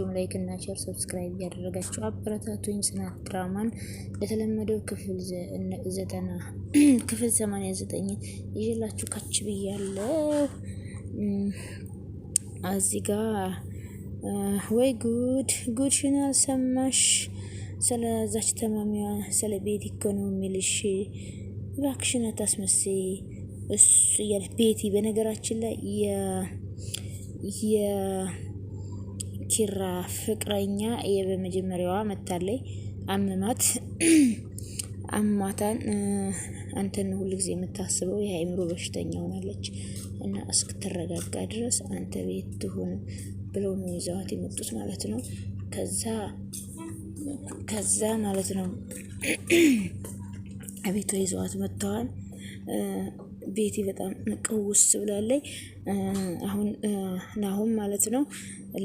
እንዲሁም ላይክ እና ሼር ሰብስክራይብ እያደረጋችሁ አበረታቱኝ። ጽናት ድራማን ለተለመደው ክፍል ዘጠና ክፍል ሰማንያ ዘጠኝ ይዤላችሁ ካች ብያለሁ። እዚህ ጋ ወይ ጉድ ጉድሽን አልሰማሽ ስለዛች ተማሚዋ ስለ ቤት ኢኮኖሚ ልሽ የሚልሽ። እባክሽን አታስመስይ እሱ እያለች ቤቲ በነገራችን ላይ የ የኪራ ፍቅረኛ የበመጀመሪያዋ መታለይ አመማት አማታን አንተን ሁል ጊዜ የምታስበው የአእምሮ በሽተኛ ሆናለች እና እስክትረጋጋ ድረስ አንተ ቤት ትሁን ብለው ነው ይዘዋት የመጡት ማለት ነው። ከዛ ከዛ ማለት ነው አቤቷ ይዘዋት መጥተዋል። ቤቲ በጣም ቅውስ ብላለይ። አሁን ናሁም ማለት ነው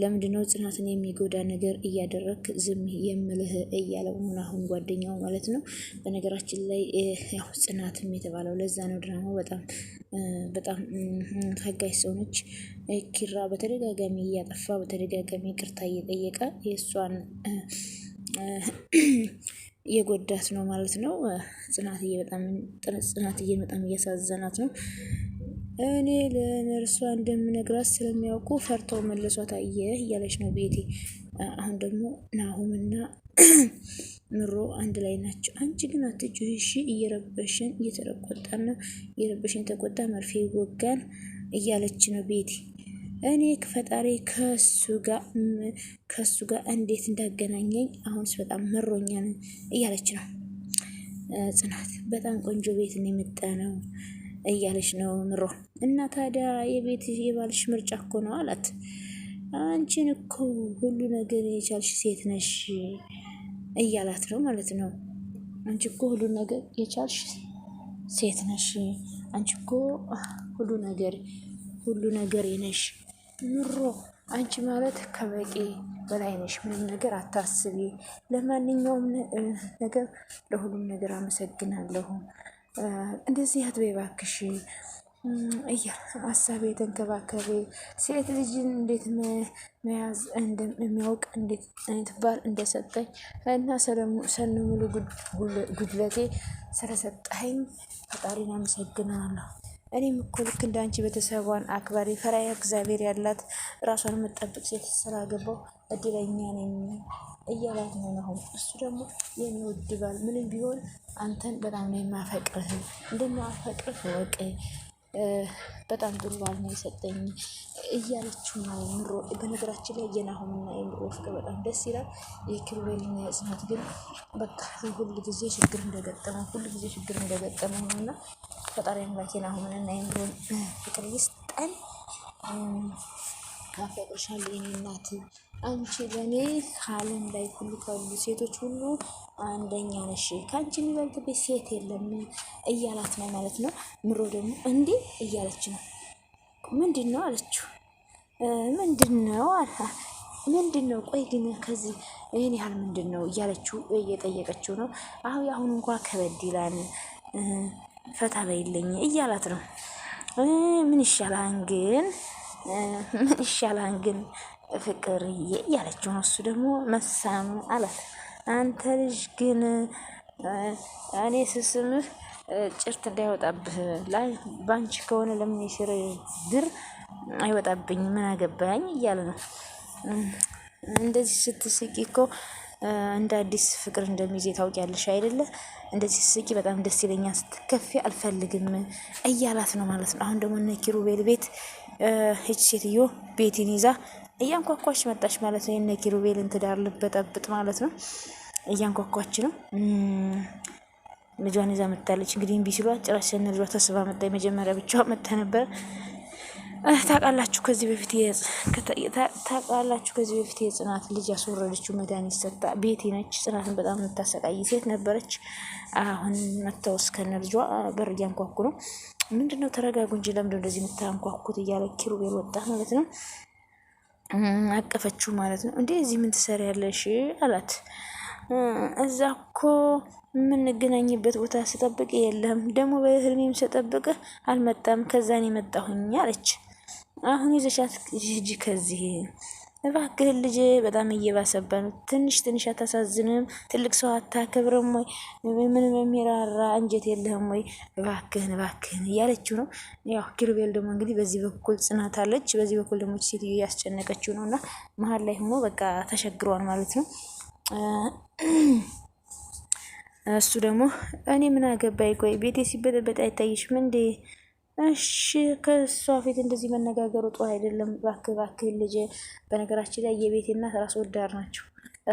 ለምንድን ነው ጽናትን የሚጎዳ ነገር እያደረግክ ዝም የምልህ እያለው ነው ናሁም ጓደኛው ማለት ነው። በነገራችን ላይ ያው ጽናትም የተባለው ለዛ ነው። ድራማው በጣም በጣም ታጋሽ ሰው ነች። ኪራ በተደጋጋሚ እያጠፋ በተደጋጋሚ ቅርታ እየጠየቀ የእሷን የጎዳት ነው ማለት ነው። ጽናትዬ በጣም ጽናትዬን በጣም እያሳዘናት ነው። እኔ ለነርሷ እንደምነግራት ስለሚያውቁ ፈርተው መለሷት። አየ እያለች ነው ቤቲ። አሁን ደግሞ ናሁምና ምሮ አንድ ላይ ናቸው። አንቺ ግን አትጩህ እሺ፣ እየረበሽን እየተቆጣና እየረበሽን የተቆጣ መርፌ ይወጋን እያለች ነው ቤቲ እኔ ፈጣሪ ከሱ ጋር እንዴት እንዳገናኘኝ አሁንስ በጣም መሮኛን እያለች ነው ጽናት። በጣም ቆንጆ ቤት ነው የመጣ ነው እያለች ነው ምሮ። እና ታዲያ የቤት የባልሽ ምርጫ እኮ ነው አላት። አንቺን እኮ ሁሉ ነገር የቻልሽ ሴት ነሽ እያላት ነው ማለት ነው። አንቺ እኮ ሁሉ ነገር የቻልሽ ሴት ነሽ። አንቺ እኮ ሁሉ ነገር ሁሉ ነገር የነሽ ኑሮ አንቺ ማለት ከበቂ በላይ ነሽ። ምንም ነገር አታስቢ። ለማንኛውም ነገር ለሁሉም ነገር አመሰግናለሁ። እንደዚህ አትበይ እባክሽ እያ ሀሳቤ ተንከባከቤ። ሴት ልጅን እንዴት መያዝ እንደሚያውቅ እንዴት አይነት ባል እንደሰጠኝ እና ሰነሙሉ ጉድለቴ ስለሰጠኝ ፈጣሪን አመሰግናለሁ። እኔም እኮ ልክ እንደ አንቺ ቤተሰቧን አክባሪ ፈሪሃ እግዚአብሔር ያላት ራሷን የምጠብቅ ሴት ስላገባው እድለኛ ነኝ እያላት ነው ናሆም። እሱ ደግሞ የሚወድባል ምንም ቢሆን አንተን በጣም ነው የማፈቅርህ እንደማፈቅርህ ወቅ በጣም ጥሩ ባል ነው የሰጠኝ እያለችው ነው ምሮ። በነገራችን ላይ የናሆምና የምሮ ፍቅር በጣም ደስ ይላል። የኪሩቤልና የጽናት ግን በቃ ሁሉ ጊዜ ችግር እንደገጠመ ሁሉ ጊዜ ችግር እንደገጠመ ነው እና ፈጣሪ አምላክ የናሆምንና የምሮን ፍቅር ይስጠን። አፈቅርሻለሁ የኔ እናት አንቺ በእኔ ዓለም ላይ ሁሉ ካሉ ሴቶች ሁሉ አንደኛ ነሽ፣ ከአንቺ የሚበልጥብሽ ሴት የለም እያላት ነው ማለት ነው። ምሮ ደግሞ እንዴ እያለች ነው። ምንድን ነው አለችው። ምንድን ነው አልታ ምንድን ነው ቆይ ግን ከዚህ ይህን ያህል ምንድን ነው እያለችው እየጠየቀችው ነው። አሁ አሁን እንኳ ከበድ ይላል ፈታ በይለኝ እያላት ነው። ምን ይሻላል ግን ምን ይሻላል ግን ፍቅርዬ እያለችው ነው። እሱ ደግሞ መሳሙ አላት። አንተ ልጅ ግን እኔ ስስምህ ጭርት እንዳይወጣብህ ባንቺ ከሆነ ለምን የስር ድር አይወጣብኝ ምን አገባኝ እያለ ነው። እንደዚህ ስትስቂ እኮ እንደ አዲስ ፍቅር እንደሚዜ ታውቂያለሽ አይደለ? እንደዚህ ስትስቂ በጣም ደስ ይለኛል፣ ስትከፊ አልፈልግም እያላት ነው ማለት ነው። አሁን ደግሞ እነ ኪሩቤል ቤት እች ሴትዮ ቤቲን ይዛ እያንኳኳች መጣች ማለት ነው። የነ ኪሩቤልን ትዳር ልበጠብጥ ማለት ነው። እያንኳኳች ነው። ልጇን ይዛ መጣለች። እንግዲህ እምቢ ሲሏ ጭራሽ ሰነ ልጇ ተስባ መጣ። የመጀመሪያ ብቻዋ መጣ ነበር። ታውቃላችሁ ከዚህ በፊት ታውቃላችሁ ከዚህ በፊት የጽናት ልጅ ያስወረደችው መድኃኒት ሰጣ ቤቲ ነች። ጽናትን በጣም የምታሰቃይ ሴት ነበረች። አሁን መጥተው እስከነ ልጇ በር እያንኳኩ ነው። ምንድን ነው ተረጋጉ እንጂ ለምንድን እንደዚህ የምታንኳኩት? እያለ ኪሩቤል ወጣ ማለት ነው። አቀፈችው ማለት ነው። እንዴ እዚህ ምን ትሰሪያለሽ? አላት። እዛ እኮ የምንገናኝበት ቦታ ስጠብቅ የለም፣ ደግሞ በህልሜም ስጠብቅ አልመጣም፣ ከዛን የመጣሁኝ አለች። አሁን ይዘሻት ሂጂ ከዚህ እባክህን ልጅ በጣም እየባሰበት ነው። ትንሽ ትንሽ አታሳዝንም? ትልቅ ሰው አታከብርም ወይ? ምንም የሚራራ እንጀት የለህም ወይ? እባክህን እባክህን እያለችው ነው። ያው ኪሩቤል ደግሞ እንግዲህ በዚህ በኩል ጽናት አለች፣ በዚህ በኩል ደግሞ ሴትዮ እያስጨነቀችው ነው። እና መሀል ላይ ሆኖ በቃ ተሸግሯል ማለት ነው። እሱ ደግሞ እኔ ምን አገባይ፣ ቆይ ቤቴ ሲበጠበጥ አይታይሽም እንዴ? እሺ ከእሷ ፊት እንደዚህ መነጋገሩ ጥሩ አይደለም። ባክ ባክ ልጅ፣ በነገራችን ላይ የቤቴ እናት ራስ ወዳድ ናቸው።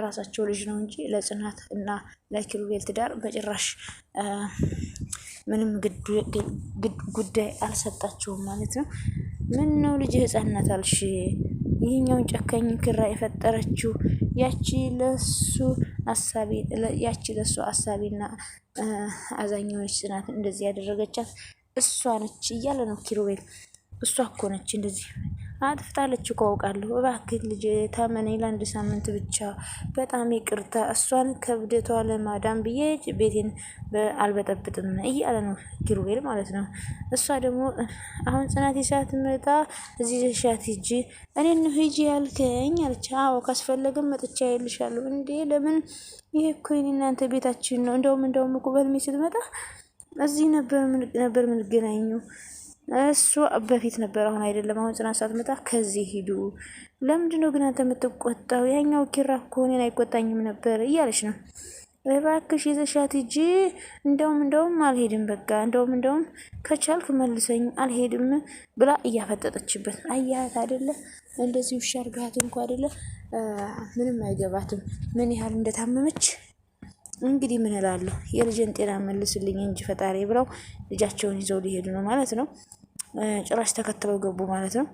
ራሳቸው ልጅ ነው እንጂ ለጽናት እና ለኪሩቤል ትዳር በጭራሽ ምንም ጉዳይ አልሰጣቸውም ማለት ነው። ምን ነው ልጅ ህጻናት አልሽ? ይህኛውን ጨካኝ ክራ የፈጠረችው ያቺ ለሱ አሳቢ ያቺ ለሱ አሳቢና አዛኛዎች ጽናት እንደዚህ ያደረገቻት እሷ ነች እያለ ነው ኪሩቤል። እሷ እኮ ነች እንደዚህ አጥፍታለች እኮ አውቃለሁ። እባክህ ልጅ ታመኔ ለአንድ ሳምንት ብቻ በጣም ይቅርታ፣ እሷን ከብደቷ ለማዳን ብዬ ቤቴን አልበጠብጥም እያለ ነው ኪሩቤል ማለት ነው። እሷ ደግሞ አሁን ጽናት ሰዓት መጣ እዚህ ዘሻት ሂጂ፣ እኔን ሂጂ ያልከኝ አለች። አዎ ካስፈለገም መጥቻ ይልሻለሁ እንዴ! ለምን ይሄ እኮ የእናንተ ቤታችን ነው። እንደውም እንደውም እኮ በህልሜ ስትመጣ እዚህ ነበር የምንገናኙ። እሱ በፊት ነበር፣ አሁን አይደለም። አሁን ጽናት ሳትመጣ ከዚህ ሂዱ። ለምንድነው ነው ግን አንተ የምትቆጣው? ያኛው ኪራ ከሆነ አይቆጣኝም ነበር እያለች ነው። እባክሽ ይዘሻት ሂጂ። እንደውም እንደውም አልሄድም፣ በቃ እንደውም እንደውም ከቻልክ መልሰኝ፣ አልሄድም ብላ እያፈጠጠችበት አያት አይደለ? እንደዚህ ውሻ እርጋት እንኳ አይደለ ምንም አይገባትም፣ ምን ያህል እንደታመመች እንግዲህ ምን እላለሁ፣ የልጅን ጤና መልስልኝ እንጂ ፈጣሪ ብለው ልጃቸውን ይዘው ሊሄዱ ነው ማለት ነው። ጭራሽ ተከትለው ገቡ ማለት ነው።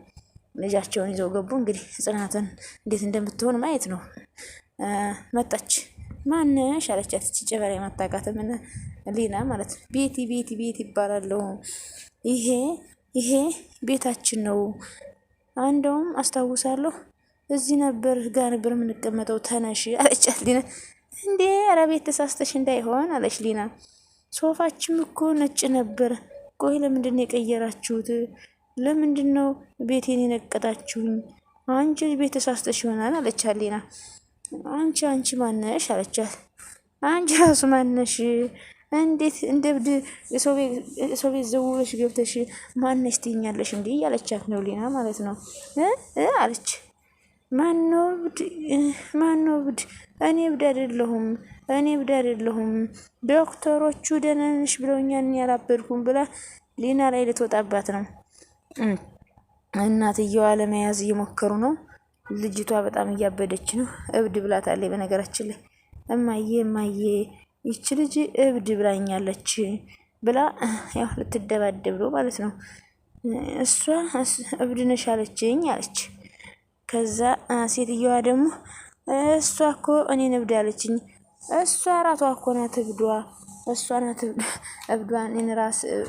ልጃቸውን ይዘው ገቡ። እንግዲህ ጽናትን እንዴት እንደምትሆን ማየት ነው። መጣች። ማንሽ አለቻት። ማታቃት ምን ሊና ማለት ነው። ቤቲ ቤቲ ቤት ይባላለሁ። ይሄ ይሄ ቤታችን ነው። እንደውም አስታውሳለሁ እዚህ ነበር ጋር ነበር የምንቀመጠው። ተነሽ አለቻት ሊና እንዴ ኧረ ቤት ተሳስተሽ እንዳይሆን አለች ሊና። ሶፋችም እኮ ነጭ ነበር። ቆይ ለምንድን የቀየራችሁት? ለምንድን ነው ቤቴን የነቀጣችሁኝ? አንቺ ቤት ተሳስተሽ ይሆናል አለቻት ሊና። አንቺ አንቺ ማነሽ አለቻት። አንቺ ራሱ ማነሽ? እንዴት እንደ እብድ ሰው ቤት ዘውረሽ ገብተሽ ማነሽ ትይኛለሽ? እንዲህ እያለቻት ነው ሊና ማለት ነው አለች ማነው እብድ እኔ እብድ አይደለሁም እኔ እብድ አይደለሁም ዶክተሮቹ ደህና ነሽ ብለውኛል እኔ አላበድኩም ብላ ሊና ላይ ልትወጣባት ነው። እናትየዋ ለመያዝ እየሞከሩ ነው። ልጅቷ በጣም እያበደች ነው። እብድ ብላታለች። በነገራችን ላይ እማዬ እማዬ ይች ልጅ እብድ ብላኛለች ብላ ያው ልትደባደብ ነው ማለት ነው። እሷ እብድ ነሽ አለችኝ አለች። ከዛ ሴትየዋ ደግሞ እሷ እኮ እኔን እብድ አለችኝ። እሷ ራሷ እኮ ናት እብዷ፣ እሷ ናት እብዷ።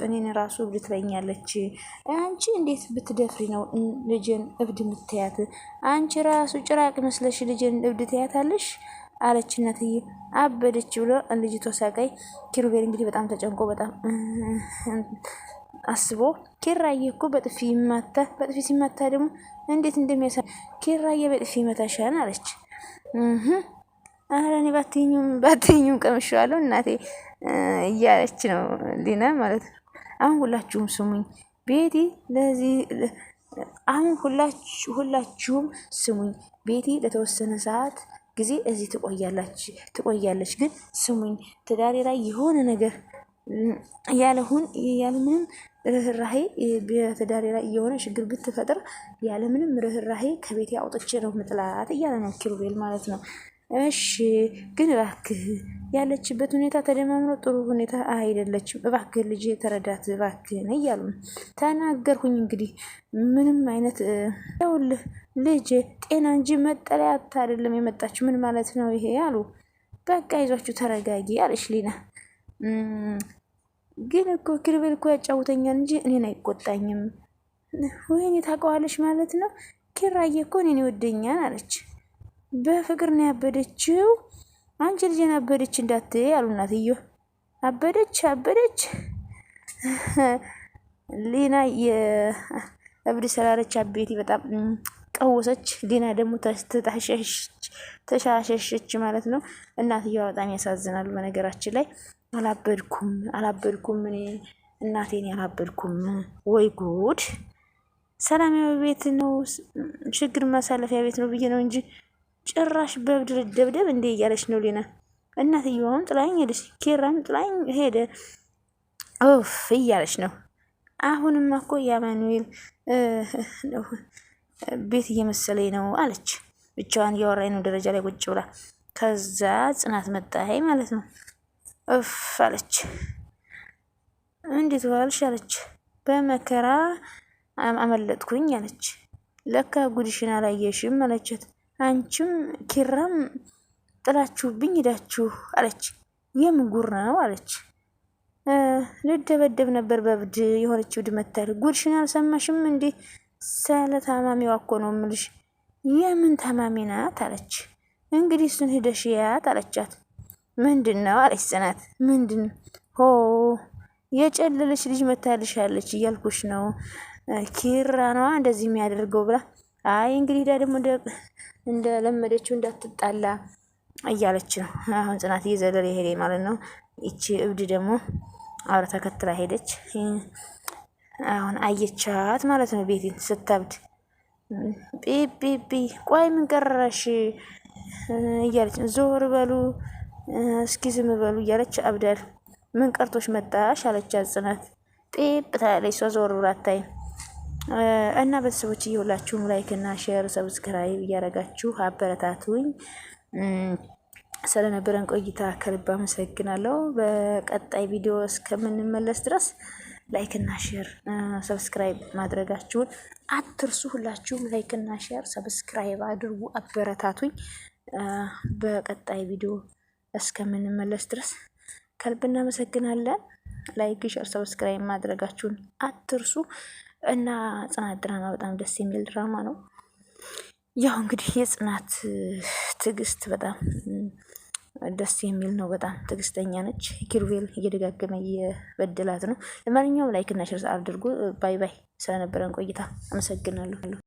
እኔን ራሱ እብድ ትለኛለች። አንቺ እንዴት ብትደፍሪ ነው ልጅን እብድ ምትያት? አንቺ ራሱ ጭራቅ መስለሽ ልጅን እብድ ትያታለሽ አለች እናትዬ። አበደች ብሎ ልጅቷ ሳቀይ። ኪሩቤል እንግዲህ በጣም ተጨንቆ በጣም አስቦ ኪራዬ እኮ በጥፊ ይመታ በጥፊ ሲመታ ደግሞ እንዴት እንደሚያሳ ኪራዬ በጥፊ ይመታሻል አለች። አረ እኔ ባትይኝም ባትይኝም ቀምሼዋለሁ እናቴ እያለች ነው ሊና ማለት ነው። አሁን ሁላችሁም ስሙኝ ቤቲ ለዚህ አሁን ሁላችሁም ስሙኝ ቤቲ ለተወሰነ ሰዓት ጊዜ እዚህ ትቆያለች ትቆያለች ግን ስሙኝ ትዳሬ ላይ የሆነ ነገር ያለሁን ያለምንም ርህራሄ በትዳሬ ላይ እየሆነ ችግር ብትፈጥር ያለምንም ርህራሄ ከቤቴ አውጥቼ ነው ምጥላት እያለ ነው ኪሩቤል ማለት ነው። እሺ ግን እባክህ ያለችበት ሁኔታ ተደማምሮ ጥሩ ሁኔታ አይደለችም። እባክህ ልጅ ተረዳት እባክህን እያሉ ተናገርኩኝ። እንግዲህ ምንም አይነት ይኸውልህ ልጅ ጤና እንጂ መጠለያ አይደለም የመጣችው። ምን ማለት ነው ይሄ አሉ። በቃ ይዟችሁ ተረጋጊ አለች ሊና ግን እኮ ክርቤል እኮ ያጫውተኛል እንጂ እኔን አይቆጣኝም። ወይኔ ታውቀዋለች ማለት ነው። ኪራዬ እኮ እኔን ይወደኛል አለች። በፍቅር ነው ያበደችው። አንቺ ልጅን አበደች እንዳት አሉ እናትዮ። አበደች አበደች ሌና የእብድ ስላለች አቤቴ በጣም ቀወሰች። ሌና ደግሞ ተሻሸች ማለት ነው። እናትየዋ በጣም ያሳዝናሉ በነገራችን ላይ አላበድኩም አላበድኩም እኔ እናቴን ያላበድኩም። ወይ ጉድ! ሰላማዊ ቤት ነው ችግር ማሳለፊያ ቤት ነው ብዬ ነው እንጂ ጭራሽ በብድር ደብደብ እንዴ እያለች ነው ሊና። እናትየዋም ጥላኝ ሄደች፣ ኬራም ጥላኝ ሄደ ፍ እያለች ነው። አሁንም እኮ የአማኑኤል ቤት እየመሰለኝ ነው አለች። ብቻዋን እያወራኝ ነው ደረጃ ላይ ቁጭ ብላ። ከዛ ጽናት መጣ ማለት ነው። እፍ አለች። እንዴት ዋልሽ አለች። በመከራ አመለጥኩኝ አለች። ለካ ጉድሽን አላየሽም አለቻት። አንቺም ኪራም ጥላችሁብኝ ሂዳችሁ አለች። የምጉር ነው አለች። ልደበደብ ነበር በብድ የሆነችው መታል። ጉድሽን አልሰማሽም እንዴ? ስለ ታማሚዋ እኮ ነው እምልሽ። የምን ታማሚ ናት አለች። እንግዲህ እሱን ሂደሽ ያት አለቻት። ምንድን ነው አለች ጽናት። ምንድን ሆ የጨለለች ልጅ መታልሻለች እያልኩሽ ነው ኪራ ነዋ እንደዚህ የሚያደርገው ብላ አይ እንግዲህ ዳ ደግሞ እንደለመደችው እንዳትጣላ እያለች ነው። አሁን ጽናት እየዘለለ ሄደ ማለት ነው። ይቺ እብድ ደግሞ አብራ ተከትላ ሄደች። አሁን አየቻት ማለት ነው። ቤት ስታብድ ቢ ቢ ቢ ቆይ ምን ቀረሽ እያለች ዞር በሉ እስኪ ዝም በሉ እያለች አብዳል ምን ቀርቶች መጣሽ አለች አጽናት ጤብ ታያለች። እሷ ዞር ብላ አታይም። እና ቤተሰቦች እየሁላችሁም ላይክ እና ሼር ሰብስክራይብ እያደረጋችሁ አበረታቱኝ። ስለነበረን ቆይታ ከልብ አመሰግናለሁ። በቀጣይ ቪዲዮ እስከምንመለስ ድረስ ላይክ እና ሼር ሰብስክራይብ ማድረጋችሁን አትርሱ። ሁላችሁም ላይክ እና ሼር ሰብስክራይብ አድርጉ፣ አበረታቱኝ። በቀጣይ ቪዲዮ እስከምንመለስ ድረስ ከልብ እናመሰግናለን። ላይክ፣ ሸር፣ ሰብስክራይብ ማድረጋችሁን አትርሱ እና ጽናት ድራማ በጣም ደስ የሚል ድራማ ነው። ያው እንግዲህ የጽናት ትዕግስት በጣም ደስ የሚል ነው። በጣም ትዕግስተኛ ነች። ኪሩቤል እየደጋገመ እየበደላት ነው። ለማንኛውም ላይክ እና ሸር አድርጉ። ባይ ባይ። ስለነበረን ቆይታ አመሰግናለሁ።